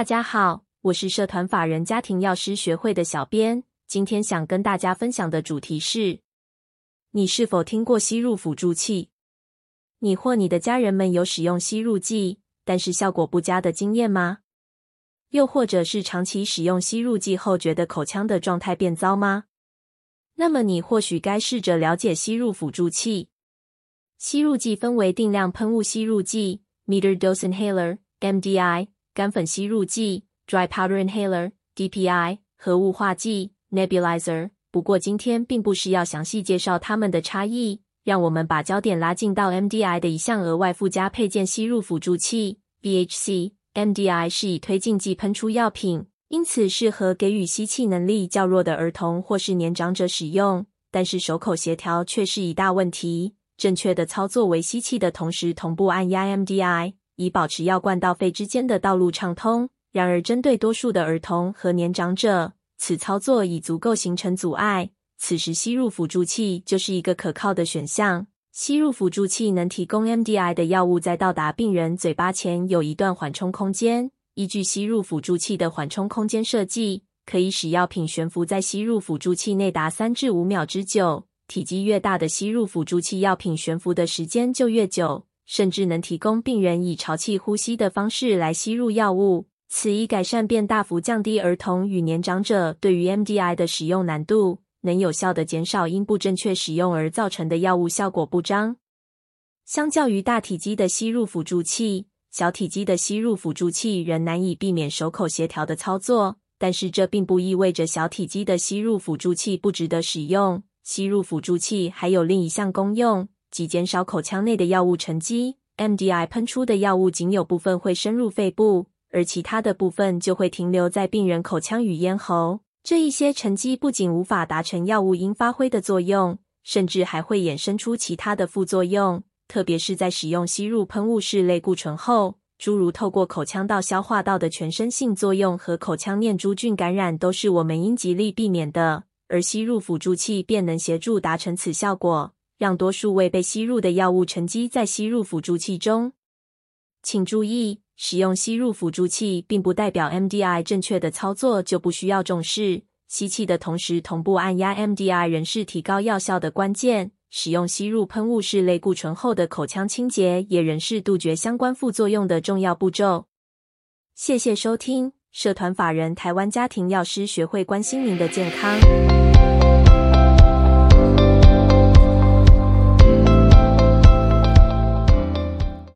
大家好，我是社團法人家庭藥師學會的小編。今天想跟大家分享的主題是：你是否聽過吸入輔助器？你或你的家人們有使用吸入劑，但是效果不佳的經驗嗎？又或者是長期使用吸入劑後，覺得口腔的狀態變糟嗎？那麼你或許該試着了解吸入輔助器。吸入劑分為定量噴霧吸入劑 （meter dose inhaler，MDI）。乾粉吸入劑 （dry powder inhaler, DPI） 和霧化劑 （nebulizer）。Ne izer, 不過今天並不是要詳細介紹它們的差異，讓我們把焦點拉近到 MDI 的一項額外附加配件——吸入輔助器 （VHC）。BH MDI 是以推進劑噴出藥品，因此適合給予吸氣能力較弱的兒童或是年長者使用，但是手口協調卻是一大問題。正確的操作為吸氣的同時同步按壓 MDI。以保持藥罐到肺之間的道路暢通。然而，針對多數的兒童和年長者，此操作已足夠形成阻礙。此時，吸入輔助器就是一個可靠的選項。吸入輔助器能提供 MDI 的藥物在到達病人嘴巴前有一段緩衝空間。依據吸入輔助器的緩衝空間設計，可以使藥品懸浮在吸入輔助器內達三至五秒之久。體積越大的吸入輔助器，藥品懸浮的時間就越久。甚至能提供病人以潮氣呼吸的方式來吸入藥物，此一改善便大幅降低兒童與年長者對於 MDI 的使用難度，能有效地減少因不正確使用而造成的藥物效果不彰。相較於大體積的吸入輔助器，小體積的吸入輔助器仍難以避免手口協調的操作，但是這並不意味着小體積的吸入輔助器不值得使用。吸入輔助器還有另一項功用。即減少口腔內的藥物沉積。MDI 噴出的藥物僅有部分會深入肺部，而其他的部分就會停留在病人口腔與咽喉。這一些沉積不僅無法達成藥物應發揮的作用，甚至還會衍生出其他的副作用。特別是在使用吸入噴霧式類固醇後，諸如透過口腔到消化道的全身性作用和口腔念珠菌感染，都是我們應極力避免的。而吸入輔助器便能協助達成此效果。讓多數未被吸入的藥物沉積在吸入輔助器中。請注意，使用吸入輔助器並不代表 MDI 正確的操作就不需要重視。吸氣的同時同步按壓 MDI 仍是提高藥效的關鍵。使用吸入噴霧式類固醇後的口腔清潔也仍是杜絕相關副作用的重要步驟。謝謝收聽，社團法人台灣家庭藥師學會，關心您的健康。